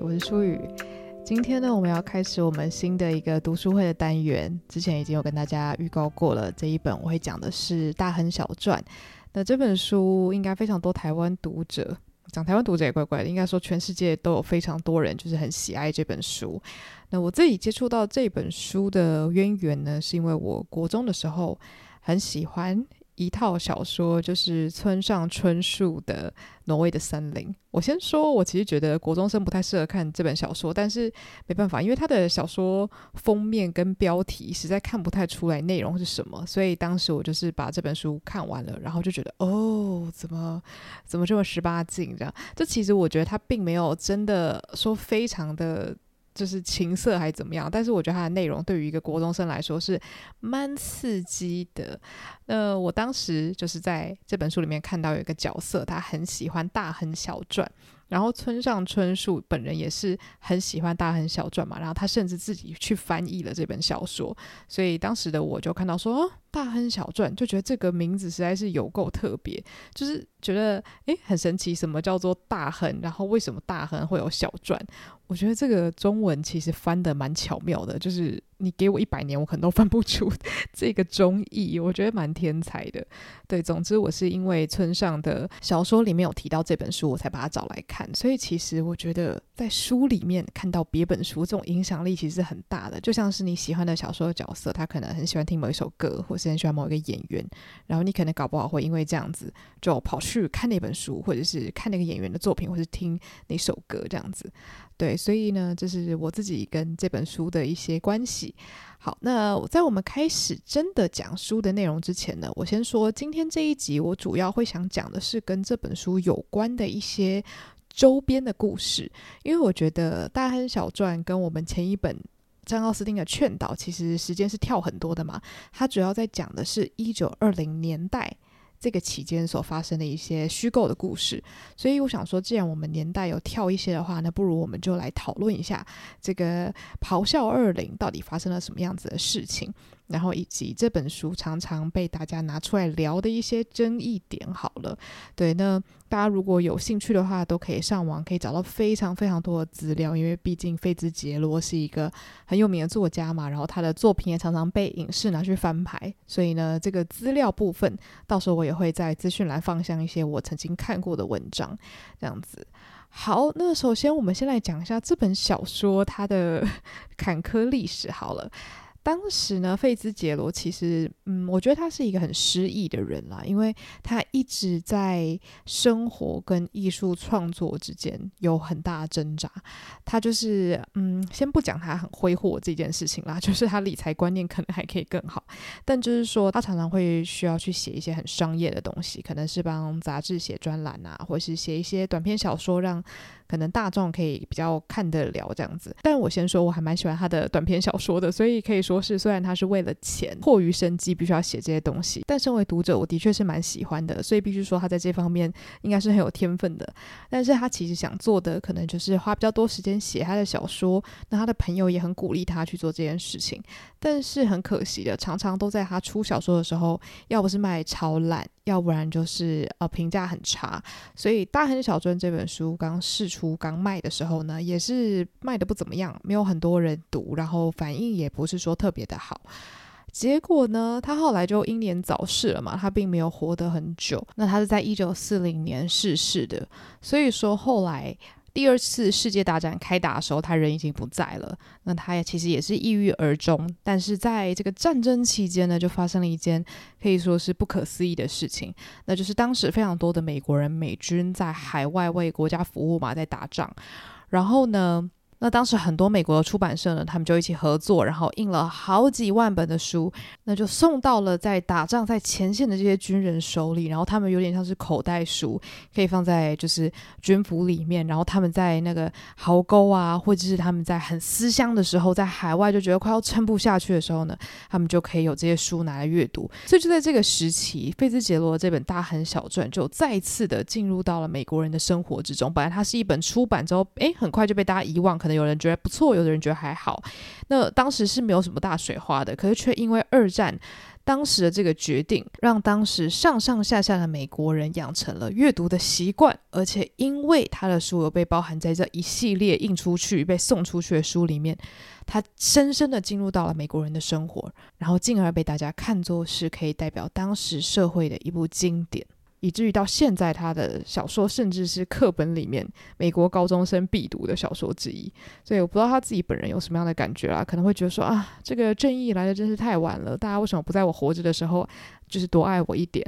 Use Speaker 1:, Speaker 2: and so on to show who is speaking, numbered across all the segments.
Speaker 1: 我是舒雨，今天呢，我們要開始我們新的一個讀書會的單元。之前已經有跟大家預告過了，這一本我會講的是《大亨小傳》。那這本書應該非常多台灣讀者，講台灣讀者也怪怪的，應該說全世界都有非常多人就是很喜愛這本書。那我自己接觸到這本書的淵源呢，是因為我國中的時候很喜歡。一套小說就是村上春樹的《挪威的森林》。我先說，我其實覺得國中生不太適合看這本小說，但是沒辦法，因為他的小說封面跟標題實在看不太出來內容是什麼，所以當時我就是把這本書看完了，然後就覺得哦，怎麼怎麼這麼十八禁這樣？這其實我覺得他並沒有真的說非常的。就是情色還是怎麼樣，但是我覺得它的內容對於一個國中生來說是蠻刺激的。那我當時就是在這本書裡面看到有一個角色，他很喜歡大亨小傳，然後村上春樹本人也是很喜歡大亨小傳嘛，然後他甚至自己去翻譯了這本小說，所以當時的我就看到說。大亨小傳就覺得這個名字實在是有夠特別，就是覺得誒、欸、很神奇，什麼叫做大亨，然後為什麼大亨會有小傳？我覺得這個中文其實翻得蠻巧妙的，就是你給我一百年，我可能都翻不出這個中譯，我覺得蠻天才的。對，總之我是因為村上的小說裡面有提到這本書，我才把它找來看。所以其實我覺得在書裡面看到別本書，這種影響力其實是很大的。就像是你喜歡的小說的角色，他可能很喜歡聽某一首歌，或是。很喜歡某一個演員，然後你可能搞不好會因為這樣子就跑去看那本書，或者是看那個演員的作品，或是聽那首歌這樣子。對，所以呢，這是我自己跟這本書的一些關係。好，那在我們開始真的講書的內容之前呢，我先說今天這一集我主要會想講的是跟這本書有關的一些周邊的故事，因為我覺得《大亨小傳》跟我們前一本。張奧斯汀的勸導其實時間是跳很多的嘛，他主要在講的是一九二零年代這個期間所發生的一些虛構的故事，所以我想說，既然我們年代有跳一些的話，那不如我們就來討論一下這個《咆哮二零》到底發生了什麼樣子的事情。然後以及這本書常常被大家拿出來聊的一些爭議點，好了，對，那大家如果有興趣的話，都可以上網可以找到非常非常多的資料，因為畢竟費茲傑羅是一個很有名的作家嘛，然後他的作品也常常被影視拿去翻拍，所以呢，這個資料部分到時候我也會在資訊欄放上一些我曾經看過的文章，這樣子。好，那首先我們先來講一下這本小說它的坎坷歷史，好了。當時呢，費茲傑羅其實，嗯，我覺得他是一個很失意的人啦，因為他一直在生活跟藝術創作之間有很大的掙扎。他就是，嗯，先不講他很揮霍這件事情啦，就是他理財觀念可能還可以更好，但就是說他常常會需要去寫一些很商業的東西，可能是幫雜誌寫專欄啊，或是寫一些短篇小說讓。可能大眾可以比較看得了這樣子，但我先說我還蠻喜歡他的短篇小說的，所以可以說是雖然他是為了錢迫於生計必須要寫這些東西，但身為讀者我的確是蠻喜歡的，所以必須說他在這方面應該是很有天分的。但是他其實想做的可能就是花比較多時間寫他的小說，那他的朋友也很鼓勵他去做這件事情，但是很可惜的，常常都在他出小說的時候，要不是賣超爛。要不然就是呃評價很差，所以《大亨小傳》這本書剛試出、剛賣的時候呢，也是賣得不怎麼樣，沒有很多人讀，然後反應也不是說特別的好。結果呢，他後來就英年早逝了嘛，他並沒有活得很久。那他是在一九四零年逝世的，所以說後來。第二次世界大戰開打的時候，他人已經不在了。那他也其實也是抑鬱而終。但是在這個戰爭期間呢，就發生了一件可以說是不可思議的事情。那就是當時非常多的美國人，美軍在海外為國家服務嘛，在打仗。然後呢，那當時很多美國的出版社呢，他們就一起合作，然後印了好幾萬本的書，那就送到了在打仗在前線的這些軍人手裡。然後他們有點像是口袋書，可以放在就是軍服裡面。然後他們在那個壕溝啊，或者是他們在很思鄉的時候，在海外就覺得快要撐不下去的時候呢，他們就可以有這些書拿來閱讀。所以就在這個時期，費茲傑羅的這本《大亨小傳》就再次的進入到了美國人的生活之中。本來它是一本出版之後，哎，很快就被大家遺忘。可能有人覺得不錯，有的人覺得還好。那當時是沒有什麼大水花的，可是卻因為二戰當時的這個決定，讓當時上上下下的美國人養成了閱讀的習慣，而且因為他的書有被包含在這一系列印出去、被送出去的書裡面，他深深的進入到了美國人的生活，然後進而被大家看作是可以代表當時社會的一部經典。以至於到現在，他的小說甚至是課本裡面美國高中生必讀的小說之一。所以我不知道他自己本人有什麼樣的感覺啊，可能會覺得說啊，這個正義來得真是太晚了，大家為什麼不在我活着的時候就是多愛我一點？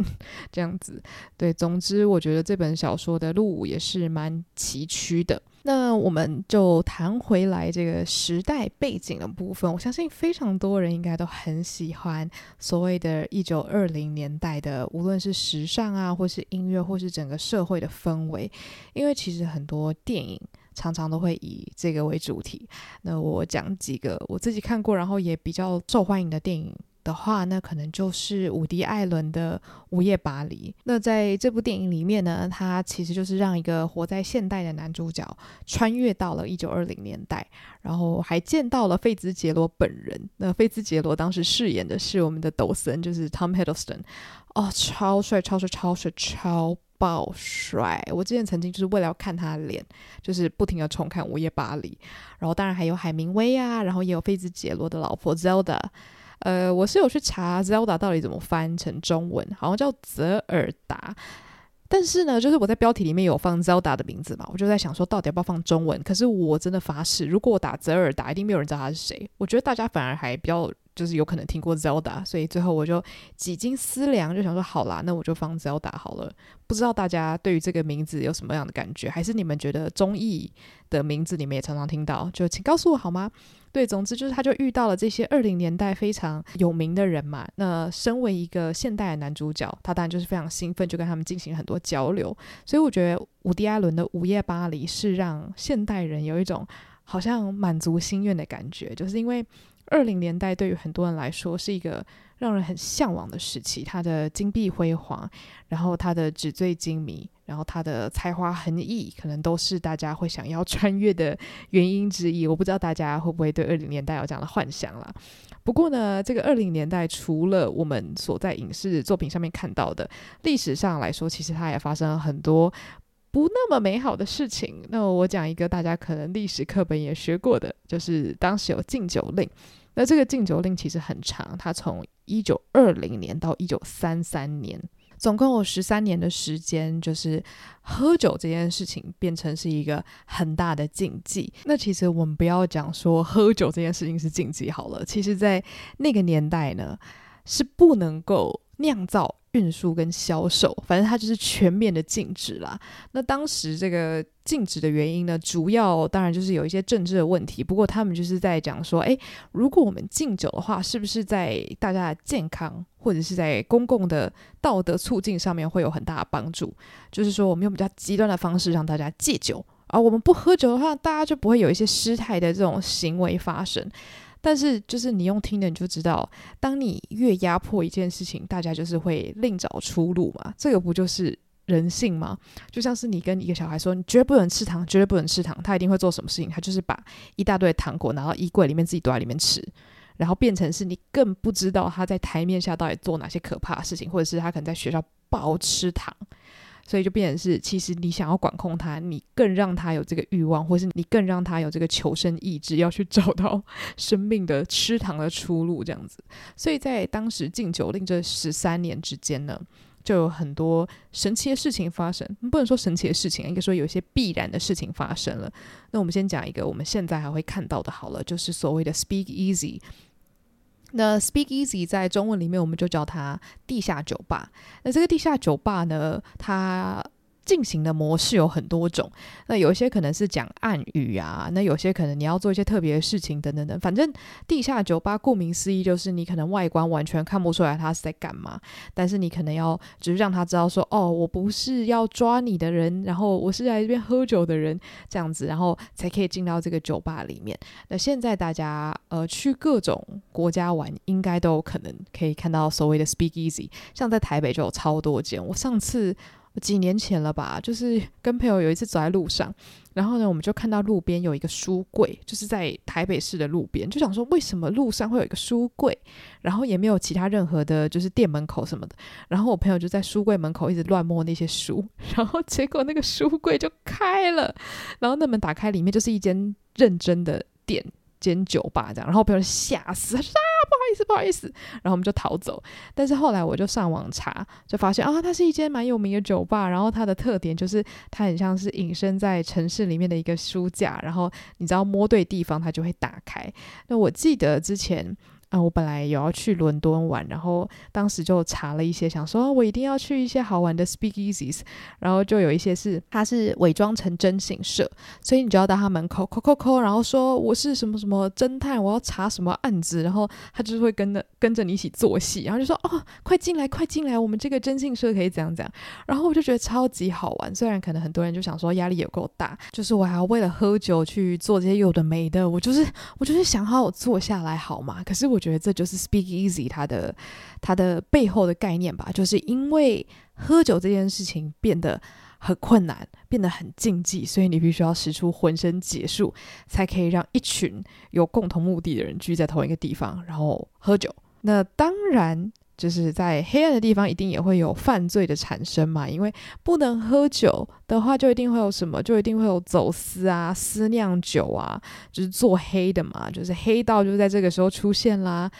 Speaker 1: 這樣子，對，總之我覺得這本小說的路也是蠻崎嶇的。那我們就談回來這個時代背景的部分。我相信非常多人應該都很喜歡所謂的一九二零年代的，無論是時尚啊，或是音樂，或是整個社會的氛圍。因為其實很多電影常常都會以這個為主題。那我講幾個我自己看過，然後也比較受歡迎的電影。的話，那可能就是伍迪·艾倫的《午夜巴黎》。那在這部電影裡面呢，他其實就是讓一個活在現代的男主角穿越到了一九二零年代，然後還見到了費茲傑羅本人。那費茲傑羅當時飾演的是我們的抖森，就是 Tom Hiddleston，哦，超帥，超帥，超帥，超帥，超爆帥！我之前曾經就是為了要看他的臉，就是不停地重看《午夜巴黎》，然後當然還有海明威啊，然後也有費茲傑羅的老婆 Zelda。呃，我是有去查 Zelda 到底怎麼翻成中文，好像叫澤爾達。但是呢，就是我在標題裡面有放 Zelda 的名字嘛，我就在想說，到底要不要放中文？可是我真的發誓，如果我打澤爾達，一定沒有人知道他是誰。我覺得大家反而還比較。就是有可能聽過 Zelda，所以最後我就幾經思量，就想說好啦，那我就放 Zelda 好了。不知道大家對於這個名字有什麼樣的感覺，還是你們覺得綜藝的名字你們也常常聽到，就請告訴我好嗎？對，總之就是他就遇到了這些二零年代非常有名的人嘛。那身為一個現代男主角，他當然就是非常興奮，就跟他們進行了很多交流。所以我覺得伍迪艾倫的《午夜巴黎》是讓現代人有一種好像滿足心願的感覺，就是因為。二零年代對於很多人來說是一個讓人很向往的時期，它的金碧輝煌，然後它的紙醉金迷，然後它的才華橫溢，可能都是大家會想要穿越的原因之一。我不知道大家會不會對二零年代有這樣的幻想啦。不過呢，這個二零年代除了我們所在影視作品上面看到的，歷史上來說，其實它也發生了很多不那麼美好的事情。那我講一個大家可能歷史課本也學過的，就是當時有禁酒令。那這個禁酒令其實很長，它從一九二零年到一九三三年，總共有十三年的時間，就是喝酒這件事情變成是一個很大的禁忌。那其實我們不要講說喝酒這件事情是禁忌好了，其實在那個年代呢，是不能夠釀造。運輸跟銷售，反正它就是全面的禁止啦。那當時這個禁止的原因呢，主要當然就是有一些政治的問題。不過他們就是在講說，哎，如果我們禁酒的話，是不是在大家的健康或者是在公共的道德促進上面會有很大的幫助？就是說，我們用比較極端的方式讓大家戒酒，而我們不喝酒的話，大家就不會有一些失態的這種行為發生。但是，就是你用聽的，你就知道，當你越壓迫一件事情，大家就是會另找出路嘛。這個不就是人性嗎？就像是你跟一個小孩說，你絕對不能吃糖，絕對不能吃糖，他一定會做什麼事情？他就是把一大堆糖果拿到衣櫃裡面，自己躲在裡面吃，然後變成是你更不知道他在台面下到底做哪些可怕的事情，或者是他可能在學校暴吃糖。所以就變成是，其實你想要管控他，你更讓他有這個慾望，或是你更讓他有這個求生意志，要去找到生命的吃糖的出路，這樣子。所以在當時禁酒令這十三年之間呢，就有很多神奇的事情發生。嗯，不能說神奇的事情，應該說有一些必然的事情發生了。那我們先講一個我們現在還會看到的，好了，就是所謂的 speakeasy。那 Speakeasy 在中文裡面我們就叫它地下酒吧。那這個地下酒吧呢，它。進行的模式有很多種，那有一些可能是講暗語啊，那有些可能你要做一些特別的事情等等等。反正地下酒吧顧名思義就是你可能外觀完全看不出來他是在幹嘛，但是你可能要只是讓他知道說哦，我不是要抓你的人，然後我是來這邊喝酒的人這樣子，然後才可以進到這個酒吧裡面。那現在大家呃去各種國家玩，應該都有可能可以看到所謂的 speakeasy，像在台北就有超多間，我上次。幾年前了吧，就是跟朋友有一次走在路上，然後呢，我們就看到路邊有一個書櫃，就是在台北市的路邊，就想說為什麼路上會有一個書櫃，然後也沒有其他任何的，就是店門口什麼的。然後我朋友就在書櫃門口一直亂摸那些書，然後結果那個書櫃就開了，然後那門打開，裡面就是一間認真的店。間酒吧這樣，然後被嚇死了，他說啊，不好意思，不好意思，然後我們就逃走。但是後來我就上網查，就發現啊，它是一間蠻有名的酒吧，然後它的特點就是它很像是隱身在城市裡面的一個書架，然後你只要摸對地方它就會打開。那我記得之前。啊，我本來有要去倫敦玩，然後當時就查了一些，想說我一定要去一些好玩的 Speakeasies，然後就有一些是他是偽裝成徵信社，所以你就要到他門口，扣扣扣，然後說我是什麼什麼偵探，我要查什麼案子？然後他就是會跟着跟着你一起做戲，然後就說哦，快進來，快進來，我們這個徵信社可以怎樣怎樣，然後我就覺得超級好玩，雖然可能很多人就想說壓力有夠大，就是我還要為了喝酒去做這些有的沒的，我就是我就是想好我坐下來好嗎？可是我。我覺得這就是 Speak Easy 它的、它的背後的概念吧，就是因為喝酒這件事情變得很困難，變得很禁忌，所以你必須要使出渾身解數，才可以讓一群有共同目的的人聚在同一個地方，然後喝酒。那當然。就是在黑暗的地方，一定也會有犯罪的產生嘛。因為不能喝酒的話，就一定會有什麼，就一定會有走私啊、私釀酒啊，就是做黑的嘛。就是黑道就在這個時候出現啦。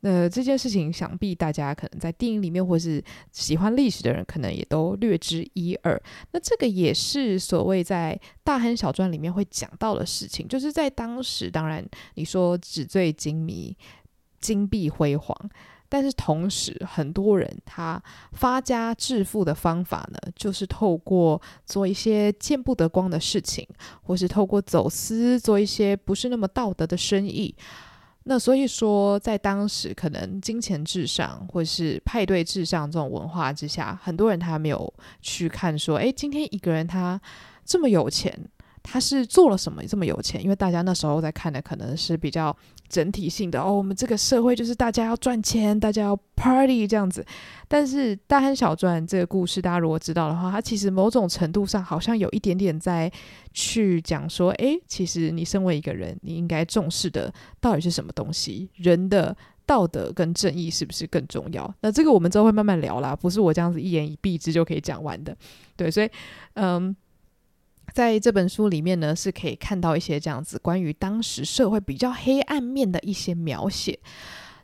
Speaker 1: 那這件事情，想必大家可能在電影裡面，或是喜歡歷史的人，可能也都略知一二。那這個也是所謂在《大亨小傳》裡面會講到的事情。就是在當時，當然你說紙醉金迷、金碧輝煌。但是同時，很多人他發家致富的方法呢，就是透過做一些見不得光的事情，或是透過走私做一些不是那麼道德的生意。那所以說，在當時可能金錢至上或是派對至上這種文化之下，很多人他沒有去看說，哎、欸，今天一個人他這麼有錢。他是做了什麼這麼有錢？因為大家那時候在看的可能是比較整體性的哦，我們這個社會就是大家要賺錢，大家要 party 這樣子。但是《大亨小傳》這個故事，大家如果知道的話，它其實某種程度上好像有一點點在去講說，哎、欸，其實你身為一個人，你應該重視的到底是什麼東西？人的道德跟正義是不是更重要？那這個我們之後會慢慢聊啦，不是我這樣子一言以蔽之就可以講完的。對，所以，嗯。在這本書裡面呢，是可以看到一些這樣子關於當時社會比較黑暗面的一些描寫。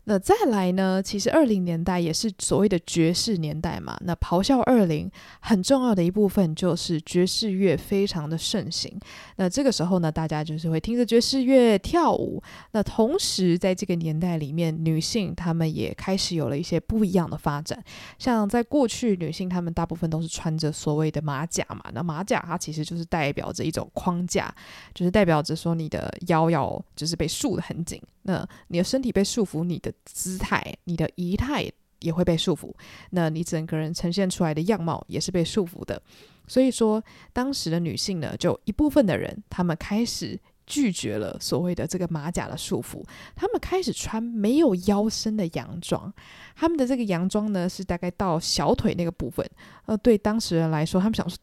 Speaker 1: 那再來呢？其實二零年代也是所謂的爵士年代嘛。那咆哮二零很重要的一部分就是爵士樂非常的盛行。那這個時候呢，大家就是會聽着爵士樂跳舞。那同時，在這個年代裡面，女性她們也開始有了一些不一樣的發展。像在過去，女性她們大部分都是穿着所謂的馬甲嘛。那馬甲它其實就是代表着一種框架，就是代表着說你的腰要就是被束得很緊。那你的身體被束縛，你的姿態、你的儀態也會被束縛。那你整個人呈現出來的樣貌也是被束縛的。所以說，當時的女性呢，就一部分的人，她們開始拒絕了所謂的這個馬甲的束縛，她們開始穿沒有腰身的洋裝。她們的這個洋裝呢，是大概到小腿那個部分。呃，對當時人來說，她們想說。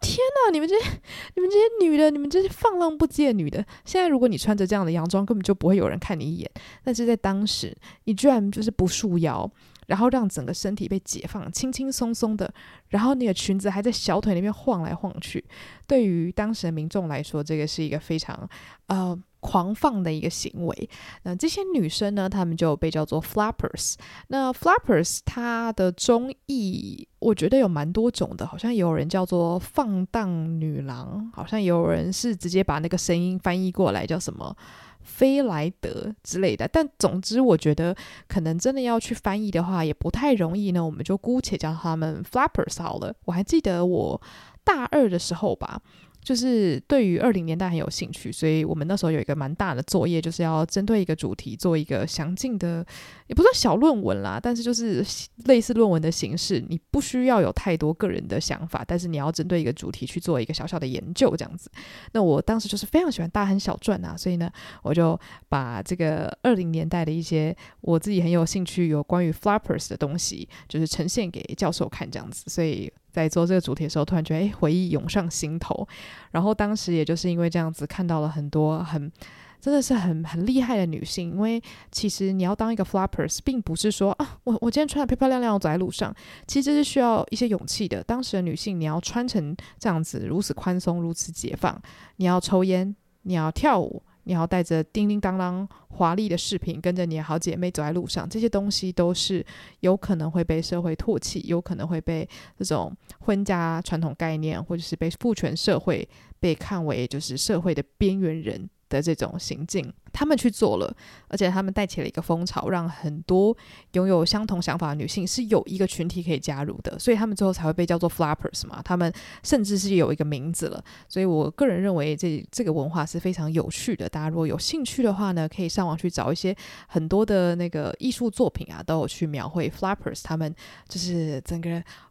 Speaker 1: 天哪！你們這些、你們這些女的、你們這些放浪不羈的女的，現在如果你穿着這樣的洋裝，根本就不會有人看你一眼。但是在當時，你居然就是不束腰，然後讓整個身體被解放，輕輕鬆鬆的，然後你的裙子還在小腿那邊晃來晃去。對於當時的民眾來說，這個是一個非常呃。狂放的一個行為，那這些女生呢，她們就被叫做 flappers。那 flappers 她的中譯我覺得有蠻多種的，好像也有人叫做放蕩女郎，好像也有人是直接把那個聲音翻譯過來叫什麼飛萊德之類的。但總之，我覺得可能真的要去翻譯的話，也不太容易呢。我們就姑且叫她們 flappers 好了。我還記得我大二的時候吧。就是對於二零年代很有興趣，所以我們那時候有一個蠻大的作業，就是要針對一個主題做一個詳盡的，也不算小論文啦，但是就是類似論文的形式。你不需要有太多個人的想法，但是你要針對一個主題去做一個小小的研究這樣子。那我當時就是非常喜歡大亨小傳啊，所以呢，我就把這個二零年代的一些我自己很有興趣有關於 Flappers 的東西，就是呈現給教授看這樣子，所以。在做這個主題的時候，突然覺得哎，回憶湧上心頭。然後當時也就是因為這樣子，看到了很多很，真的是很很厲害的女性。因為其實你要當一個 flappers，並不是說啊，我我今天穿的漂漂亮亮，我走在路上，其實是需要一些勇氣的。當時的女性，你要穿成這樣子，如此寬鬆，如此解放，你要抽煙，你要跳舞。你要帶着叮叮噹噹、華麗的飾品，跟着你好姐妹走在路上，這些東西都是有可能會被社會唾棄，有可能會被這種婚嫁傳統概念，或者是被父權社會被看為就是社會的邊緣人。的這種行徑，他們去做了，而且他們帶起了一個風潮，讓很多擁有相同想法的女性是有一個群體可以加入的，所以他們最後才會被叫做 flappers 嘛。他們甚至是有一個名字了，所以我個人認為這這個文化是非常有趣的。大家如果有興趣的話呢，可以上網去找一些很多的那個藝術作品啊，都有去描繪 flappers，他們就是整個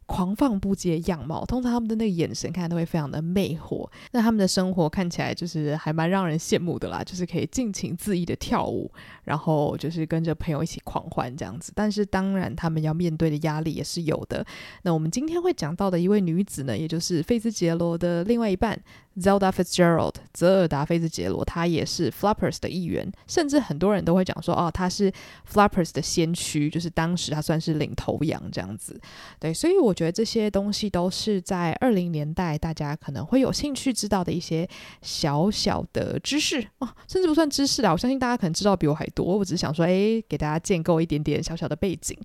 Speaker 1: 狂放不羈的樣貌，通常他們的那個眼神看起來都會非常的魅惑。那他們的生活看起來就是還蠻讓人羨慕的啦，就是可以盡情恣意的跳舞，然後就是跟着朋友一起狂歡這樣子。但是當然，他們要面對的壓力也是有的。那我們今天會講到的一位女子呢，也就是費茲傑羅的另外一半。Zelda Fitzgerald，澤爾達·菲茲傑羅，她也是 Flappers 的一員，甚至很多人都會講說，哦，她是 Flappers 的先驅，就是當時她算是領頭羊這樣子。對，所以我覺得這些東西都是在二零年代大家可能會有興趣知道的一些小小的知識哦，甚至不算知識啦。我相信大家可能知道比我還多，我只是想說，誒、欸，給大家建構一點點小小的背景。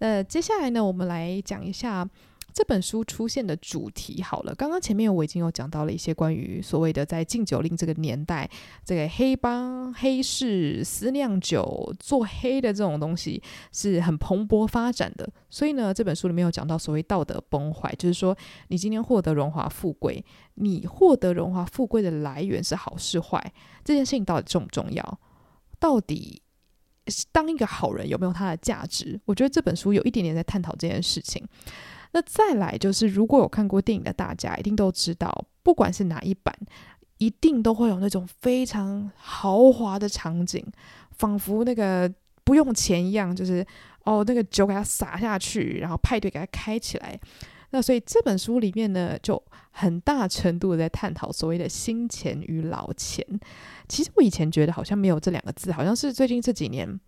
Speaker 1: 那、呃、接下來呢，我們來講一下。這本書出現的主題，好了，剛剛前面我已經有講到了一些關於所謂的在禁酒令這個年代，這個黑幫、黑市、私釀酒、做黑的這種東西是很蓬勃發展的。所以呢，這本書裡面有講到所謂道德崩壞，就是說你今天獲得榮華富貴，你獲得榮華富貴的來源是好是壞，這件事情到底重不重要？到底是當一個好人有沒有它的價值？我覺得這本書有一點點在探討這件事情。那再來就是，如果有看過電影的大家，一定都知道，不管是哪一版，一定都會有那種非常豪華的場景，仿佛那個不用錢一樣，就是哦，那個酒給它灑下去，然後派對給它開起來。那所以這本書裡面呢，就很大程度的在探討所謂的新錢與老錢。其實我以前覺得好像沒有這兩個字，好像是最近這幾年。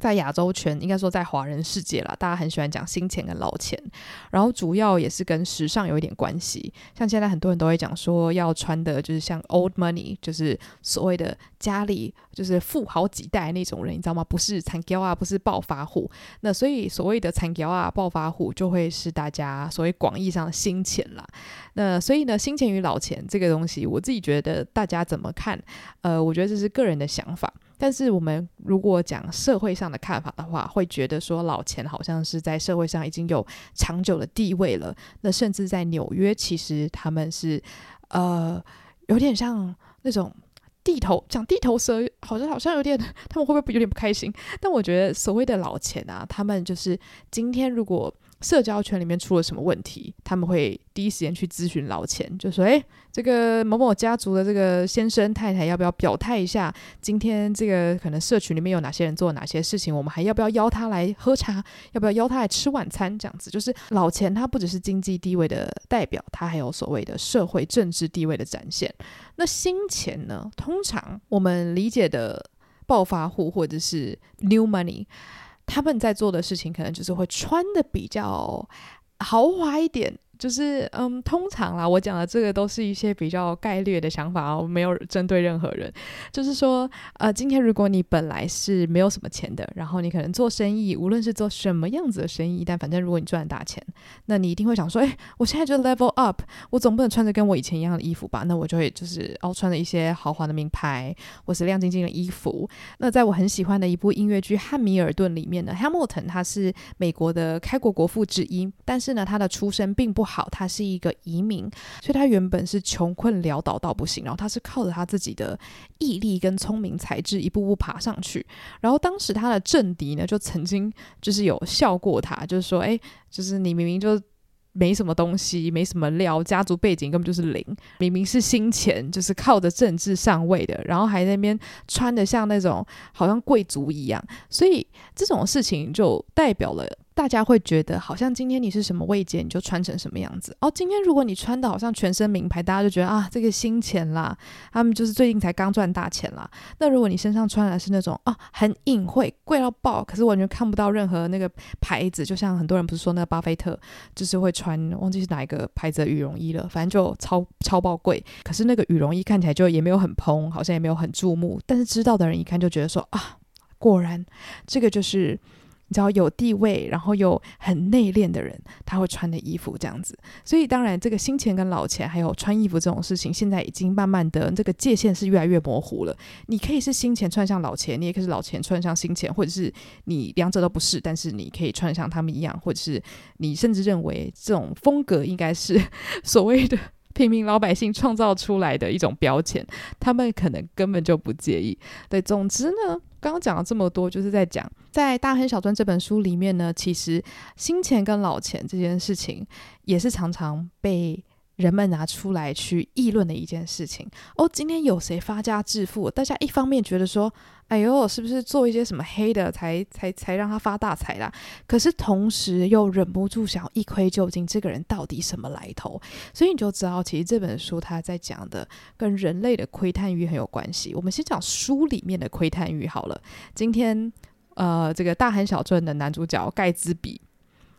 Speaker 1: 在亞洲圈，應該說在華人世界啦，大家很喜歡講新錢跟老錢，然後主要也是跟時尚有一點關係。像現在很多人都會講說，要穿的就是像 old money，就是所謂的。家裡就是富好幾代那種人，你知道嗎？不是殘教啊，不是暴發戶。那所以所謂的殘教啊，暴發戶就會是大家所謂廣義上的新錢啦。那所以呢，新錢與老錢這個東西，我自己覺得大家怎麼看？呃，我覺得這是個人的想法。但是我們如果講社會上的看法的話，會覺得說老錢好像是在社會上已經有長久的地位了。那甚至在紐約，其實他們是呃有點像那種。地頭講地頭蛇，好像好像有點，他們會不會有點不開心？但我覺得所謂的老錢啊，他們就是今天如果，社交圈裡面出了什麼問題，他們會第一時間去諮詢老錢，就說：“誒、欸，這個某某家族的這個先生太太要不要表態一下？今天這個可能社群裡面有哪些人做哪些事情，我們還要不要邀他來喝茶？要不要邀他來吃晚餐？這樣子，就是老錢他不只是經濟地位的代表，他還有所謂的社會政治地位的展現。那新錢呢？通常我們理解的暴發戶或者是 new money。”他們在做的事情，可能就是會穿的比較豪華一點。就是嗯，通常啦，我講的這個都是一些比較概略的想法啊，我沒有針對任何人。就是說，呃，今天如果你本來是沒有什麼錢的，然後你可能做生意，無論是做什麼樣子的生意，但反正如果你賺大錢，那你一定會想說，哎，我現在就 level up，我總不能穿着跟我以前一樣的衣服吧？那我就會就是哦，穿着一些豪華的名牌或是亮晶晶的衣服。那在我很喜歡的一部音樂劇《漢密爾頓》裡面呢，漢密爾頓他是美國的開國國父之一，但是呢，他的出身並不。好，他是一個移民，所以他原本是窮困潦倒到不行，然後他是靠着他自己的毅力跟聰明才智一步步爬上去。然後當時他的政敵呢，就曾經就是有笑過他，就是說，哎，就是你明明就沒什麼東西，沒什麼料，家族背景根本就是零，明明是新錢，就是靠着政治上位的，然後還在那邊穿得像那種好像貴族一樣，所以這種事情就代表了。大家會覺得好像今天你是什麼位階，你就穿成什麼樣子哦。今天如果你穿的好像全身名牌，大家就覺得啊，這個新錢啦，他們、嗯、就是最近才剛賺大錢啦。那如果你身上穿的是那種啊，很隱晦、貴到爆，可是完全看不到任何那個牌子，就像很多人不是說那個巴菲特就是會穿，忘記是哪一個牌子的羽絨衣了，反正就超超爆貴，可是那個羽絨衣看起來就也沒有很蓬，好像也沒有很注目，但是知道的人一看就覺得說啊，果然這個就是。你知道有地位，然後又很內斂的人，他會穿的衣服這樣子。所以，當然，這個新錢跟老錢，還有穿衣服這種事情，現在已經慢慢的這個界限是越來越模糊了。你可以是新錢穿像老錢，你也可以是老錢穿像新錢，或者是你兩者都不是，但是你可以穿像他們一樣，或者是你甚至認為這種風格應該是所謂的平民老百姓創造出來的一種標籤，他們可能根本就不介意。對，總之呢。剛剛講了這麼多，就是在講在《大亨小傳》這本書裡面呢，其實新錢跟老錢這件事情也是常常被。人們拿出來去議論的一件事情哦，今天有誰發家致富？大家一方面覺得說，哎呦，是不是做一些什麼黑的才才才讓他發大財啦？可是同時又忍不住想要一窺究竟這個人到底什麼來頭。所以你就知道，其實這本書他在講的跟人類的窺探慾很有關係。我們先講書裡面的窺探慾好了。今天，呃，這個《大亨小傳》的男主角蓋茨比。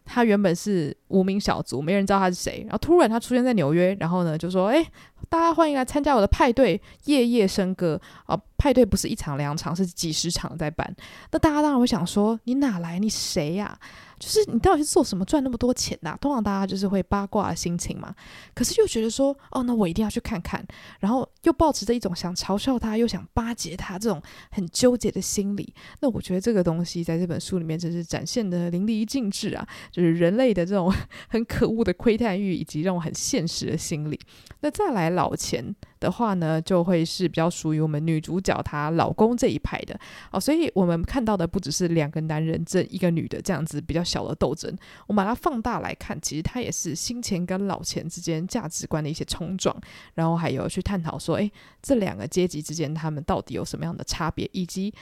Speaker 1: 他原本是無名小卒，沒人知道他是誰。然後突然他出現在紐約，然後呢就說：“哎，大家歡迎來參加我的派對，夜夜笙歌啊。呃，派對不是一場兩場，是幾十場在辦。那大家當然會想說：你哪來？你誰呀？”就是你到底是做什麼賺那麼多錢吶、啊？通常大家就是會八卦的心情嘛，可是又覺得說，哦，那我一定要去看看，然後又抱持着一種想嘲笑他，又想巴結他這種很糾結的心理。那我覺得這個東西在這本書裡面真是展現得淋漓盡致啊，就是人類的這種很可惡的窺探慾，以及這種很現實的心理。那再來老錢的話呢，就會是比較屬於我們女主角她老公這一派的哦，所以我們看到的不只是兩個男人爭一個女的這樣子比較小的鬥爭，我們把它放大來看，其實它也是新錢跟老錢之間價值觀的一些衝撞，然後還有去探討說，誒，這兩個階級之間他們到底有什麼樣的差別，以及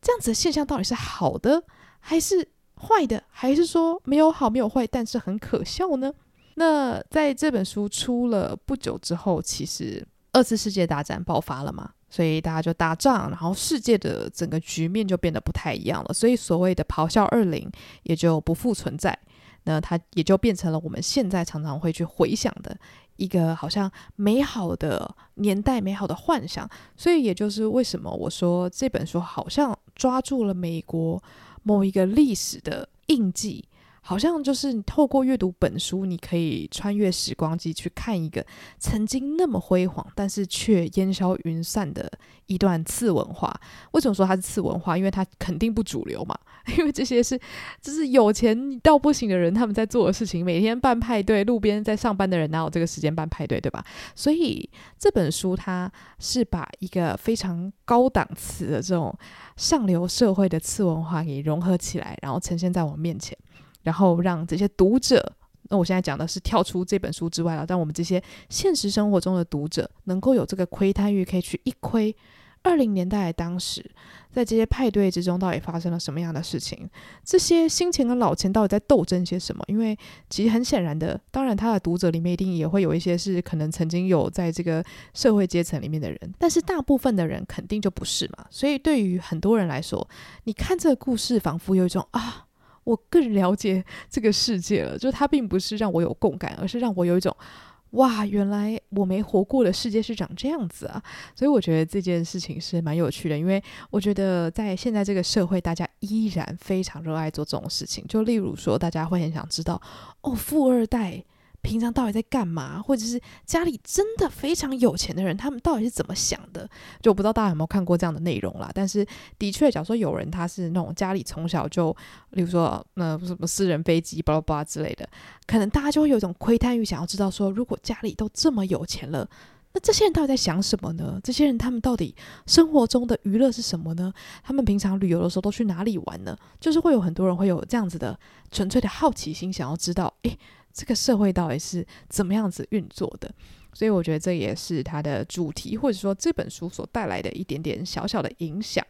Speaker 1: 這樣子的現象到底是好的還是壞的，還是說沒有好沒有壞，但是很可笑呢？那在這本書出了不久之後，其實。二次世界大戰爆發了嘛，所以大家就打仗，然後世界的整個局面就變得不太一樣了。所以所謂的“咆哮二零”也就不復存在，那它也就變成了我們現在常常會去回想的一個好像美好的年代、美好的幻想。所以也就是為什麼我說這本書好像抓住了美國某一個歷史的印記。好像就是你透過閱讀本書，你可以穿越時光機去看一個曾經那麼輝煌，但是卻煙消雲散的一段次文化。為什麼說它是次文化？因為它肯定不主流嘛。因為這些是就是有錢到不行的人，他們在做的事情，每天辦派對，路邊在上班的人哪有這個時間辦派對，對吧？所以這本書它是把一個非常高檔次的這種上流社會的次文化給融合起來，然後呈現在我們面前。然後讓這些讀者，那我現在講的是跳出這本書之外了，但我們這些現實生活中的讀者能夠有這個窺探慾，可以去一窺二零年代的當時在這些派對之中到底發生了什麼樣的事情，這些新錢跟老錢到底在鬥爭些什麼？因為其實很顯然的，當然他的讀者裡面一定也會有一些是可能曾經有在這個社會階層裡面的人，但是大部分的人肯定就不是嘛。所以對於很多人來說，你看這個故事，仿佛有一種啊。我更了解這個世界了，就它並不是讓我有共感，而是讓我有一種，哇，原來我沒活過的世界是長這樣子啊！所以我覺得這件事情是蠻有趣的，因為我覺得在現在這個社會，大家依然非常熱愛做這種事情。就例如說，大家會很想知道，哦，富二代。平常到底在幹嘛？或者是家裡真的非常有錢的人，他們到底是怎麼想的？就我不知道大家有沒有看過這樣的內容啦。但是，的確，假如說有人他是那種家裡從小就，例如說，那什麼私人飛機、巴拉巴拉之類的，可能大家就會有一種窺探慾，想要知道說，如果家裡都這麼有錢了，那這些人到底在想什麼呢？這些人他們到底生活中的娛樂是什麼呢？他們平常旅遊的時候都去哪裡玩呢？就是會有很多人會有這樣子的純粹的好奇心，想要知道，誒、欸。這個社會到底是怎麼樣子運作的？所以我覺得這也是它的主題，或者說這本書所帶來的一點點小小的影響。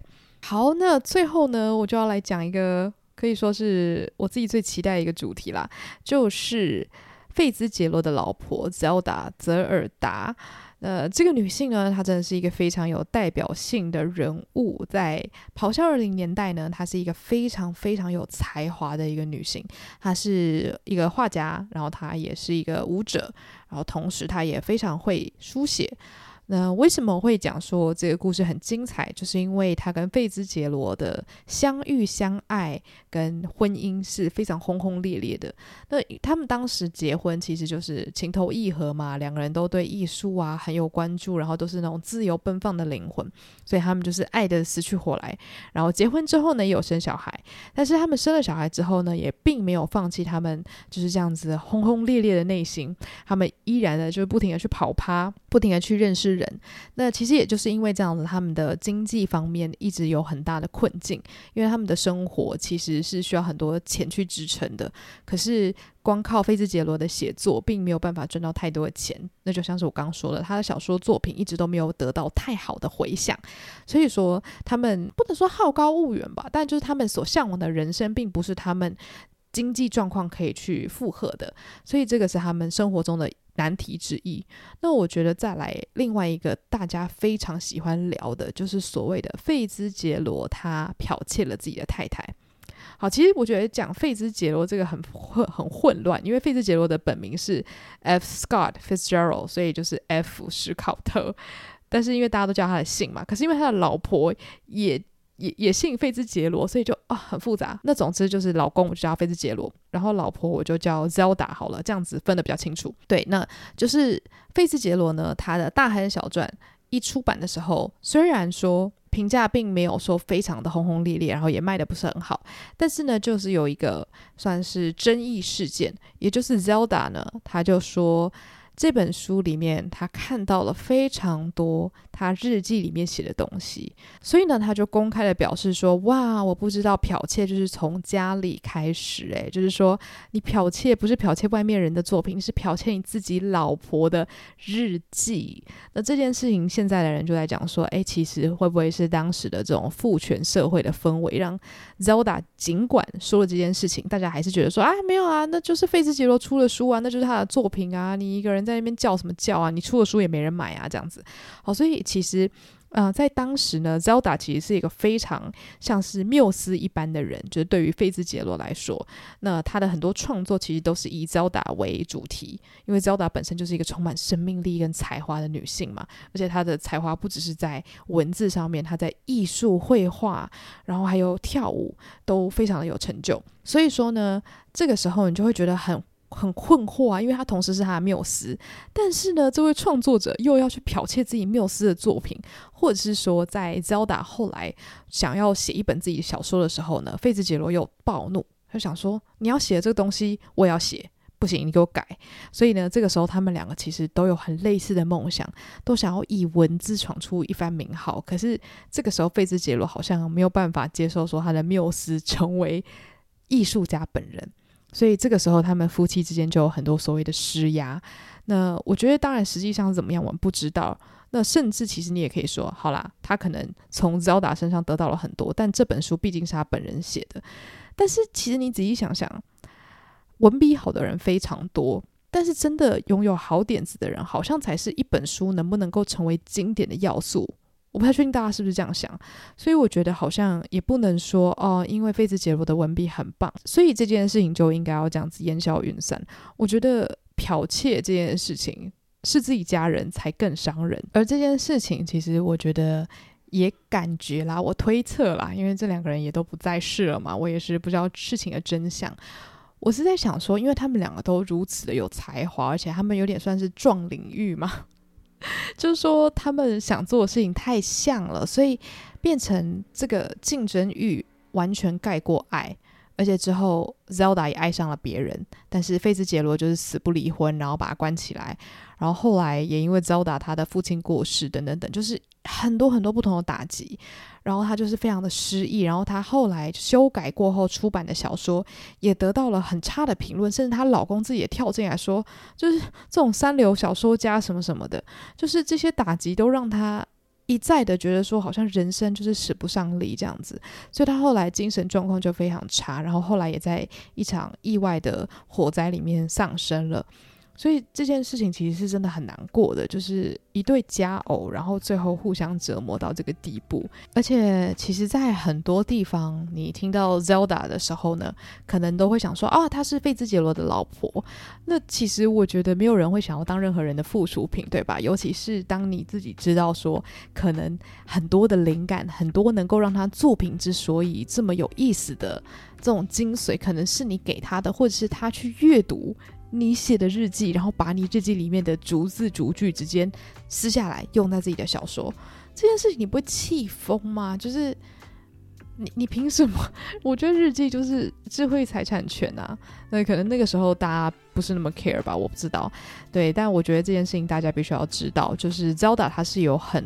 Speaker 1: 好，那最後呢，我就要來講一個可以說是我自己最期待的一個主題啦，就是費茲傑羅的老婆澤爾達澤爾達。呃，這個女性呢，她真的是一個非常有代表性的人物。在咆哮二零年代呢，她是一個非常非常有才華的一個女性，她是一個畫家，然後她也是一個舞者，然後同時她也非常會書寫。那為什麼會講說這個故事很精彩？就是因為他跟費茲傑羅的相遇、相愛跟婚姻是非常轟轟烈烈的。那他們當時結婚其實就是情投意合嘛，兩個人都對藝術啊很有關注，然後都是那種自由奔放的靈魂，所以他們就是愛得死去活來。然後結婚之後呢，也有生小孩，但是他們生了小孩之後呢，也並沒有放棄他們就是這樣子轟轟烈烈的內心，他們依然呢就是不停地去跑趴，不停地去認識人。人，那其實也就是因為這樣子，他們的經濟方面一直有很大的困境，因為他們的生活其實是需要很多錢去支撐的。可是，光靠菲茲傑羅的寫作，並沒有辦法賺到太多的錢。那就像是我剛剛說的，他的小說作品一直都沒有得到太好的回響。所以說，他們不能說好高騖遠吧，但就是他們所嚮往的人生，並不是他們經濟狀況可以去負荷的。所以，這個是他們生活中的。難題之一。那我覺得再來另外一個大家非常喜歡聊的，就是所謂的費茲杰羅他剽竊了自己的太太。好，其實我覺得講費茲杰羅這個很很混亂，因為費茲杰羅的本名是 F. Scott Fitzgerald，所以就是 F. 史考特。但是因為大家都叫他的姓嘛，可是因為他的老婆也。也也姓費茲傑羅，所以就啊、哦、很複雜。那總之就是老公我就叫費茲傑羅，然後老婆我就叫 Zelda 好了，這樣子分得比較清楚。對，那就是費茲傑羅呢，他的《大亨小傳》一出版的時候，雖然說評價並沒有說非常的轟轟烈烈，然後也賣得不是很好，但是呢，就是有一個算是爭議事件，也就是 Zelda 呢，他就說。這本書裡面，他看到了非常多他日記裡面寫的東西，所以呢，他就公開的表示說：“哇，我不知道剽竊就是從家裡開始，哎，就是說你剽竊不是剽竊外面人的作品，是剽竊你自己老婆的日記。”那這件事情，現在的人就在講說：“哎，其實會不會是當時的這種父權社會的氛圍，讓 Zelda 儘管說了這件事情，大家還是覺得說：‘啊、哎，沒有啊，那就是費茲傑羅出了書啊，那就是他的作品啊，你一個人。’”你在那邊叫什麼叫啊？你出了書也沒人買啊，這樣子。好，哦，所以其實，呃，在當時呢，Zelda 其實是一個非常像是繆斯一般的人。就是對於費茲傑羅來說，那他的很多創作其實都是以 Zelda 為主題，因為 Zelda 本身就是一個充滿生命力跟才華的女性嘛。而且她的才華不只是在文字上面，她在藝術、繪畫，然後還有跳舞，都非常的有成就。所以說呢，這個時候你就會覺得很很困惑啊，因為他同時是他的繆斯，但是呢，這位創作者又要去剽竊自己繆斯的作品，或者是說，在 Zelda 後來想要寫一本自己小說的時候呢，費茲傑羅又暴怒，他就想說：“你要寫這個東西，我也要寫，不行，你給我改。”所以呢，這個時候他們兩個其實都有很類似的夢想，都想要以文字闖出一番名號。可是這個時候，費茲傑羅好像沒有辦法接受說他的繆斯成為藝術家本人。所以這個時候，他們夫妻之間就有很多所謂的施壓。那我覺得，當然實際上是怎麼樣，我們不知道。那甚至其實你也可以說，好啦，他可能從 Zelda 身上得到了很多，但這本書畢竟是他本人寫的。但是其實你仔細想想，文筆好的人非常多，但是真的擁有好點子的人，好像才是一本書能不能夠成為經典的要素。我不太確定大家是不是這樣想，所以我覺得好像也不能說哦，因為費茲傑羅的文筆很棒，所以這件事情就應該要這樣子煙消雲散。我覺得剽竊這件事情是自己家人才更傷人，而這件事情其實我覺得也感覺啦，我推測啦，因為這兩個人也都不在世了嘛，我也是不知道事情的真相。我是在想說，因為他們兩個都如此的有才華，而且他們有點算是撞領域嘛。 就是說，他們想做的事情太像了，所以變成這個競爭慾完全蓋過愛，而且之後 Zelda 也愛上了別人，但是費茲傑羅就是死不離婚，然後把他關起來。然後後來也因為 Zelda 他的父親過世等等等，就是很多很多不同的打擊，然後他就是非常的失意。然後他後來修改過後出版的小說也得到了很差的評論，甚至她老公自己也跳進來說，就是這種三流小說家什麼什麼的，就是這些打擊都讓他一再的覺得說好像人生就是使不上力這樣子。所以他後來精神狀況就非常差，然後後來也在一場意外的火災裡面喪生了。所以這件事情其實是真的很難過的，就是一對佳偶，然後最後互相折磨到這個地步。而且，其實，在很多地方，你聽到 Zelda 的時候呢，可能都會想說：啊，她是費茲傑羅的老婆。那其實，我覺得沒有人會想要當任何人的附屬品，對吧？尤其是當你自己知道說，可能很多的靈感，很多能夠讓他作品之所以這麼有意思的這種精髓，可能是你給他的，或者是他去閱讀。你寫的日記，然後把你日記裡面的逐字逐句之間撕下來用在自己的小說這件事情，你不會氣瘋嗎？就是你你憑什麼？我覺得日記就是智慧財產權啊。那可能那個時候大家不是那麼 care 吧，我不知道。對，但我覺得這件事情大家必須要知道，就是 Zelda 他是有很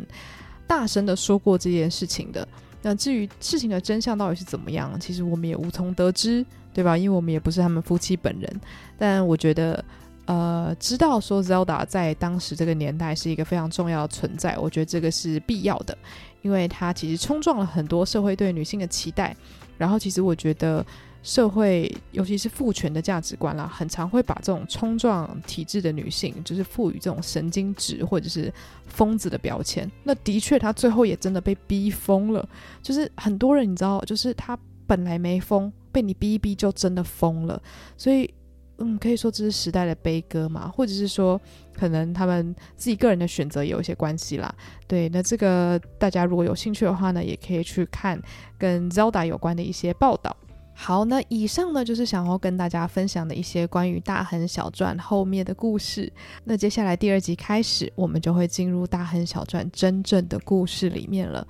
Speaker 1: 大聲的說過這件事情的。那至於事情的真相到底是怎麼樣，其實我們也無從得知。對吧？因為我們也不是他們夫妻本人，但我覺得，呃，知道說 Zelda 在當時這個年代是一個非常重要的存在，我覺得這個是必要的，因為他其實衝撞了很多社會對女性的期待。然後，其實我覺得社會，尤其是父權的價值觀啦，很常會把這種衝撞體制的女性，就是賦予這種神經質或者是瘋子的標籤。那的確，他最後也真的被逼瘋了。就是很多人，你知道，就是他。本來沒瘋，被你逼一逼就真的瘋了，所以，嗯，可以說這是時代的悲歌嘛，或者是說，可能他們自己個人的選擇也有一些關係啦。對，那這個大家如果有興趣的話呢，也可以去看跟 Zelda 有關的一些報道。好，那以上呢就是想要跟大家分享的一些關於《大亨小傳》後面的故事。那接下來第二集開始，我們就會進入《大亨小傳》真正的故事裡面了。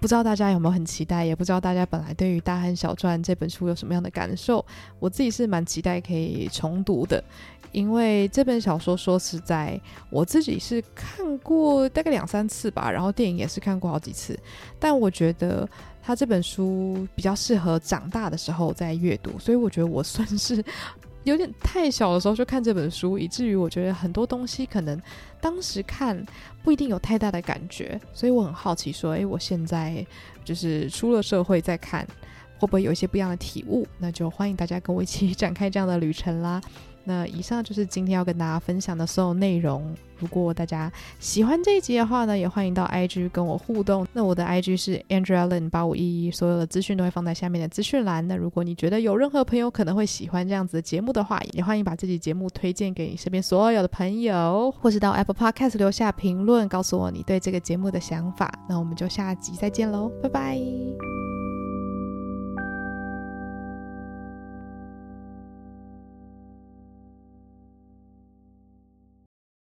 Speaker 1: 不知道大家有沒有很期待，也不知道大家本來對於《大亨小傳》這本書有什麼樣的感受。我自己是蠻期待可以重讀的，因為這本小說說實在，我自己是看過大概兩三次吧，然後電影也是看過好幾次，但我覺得他這本書比較適合長大的時候再閱讀，所以我覺得我算是。有點太小的時候就看這本書，以至於我覺得很多東西可能當時看不一定有太大的感覺，所以我很好奇，說，哎，我現在就是出了社會再看，會不會有一些不一樣的體悟？那就歡迎大家跟我一起展開這樣的旅程啦。那以上就是今天要跟大家分享的所有內容。如果大家喜歡這一集的話呢，也歡迎到 IG 跟我互動。那我的 IG 是 andrealin 八五一一，所有的資訊都會放在下面的資訊欄。那如果你覺得有任何朋友可能會喜歡這樣子的節目的話，也歡迎把這集節目推薦給你身邊所有的朋友，或是到 Apple Podcast 留下評論，告訴我你對這個節目的想法。那我們就下集再見嘍，拜拜。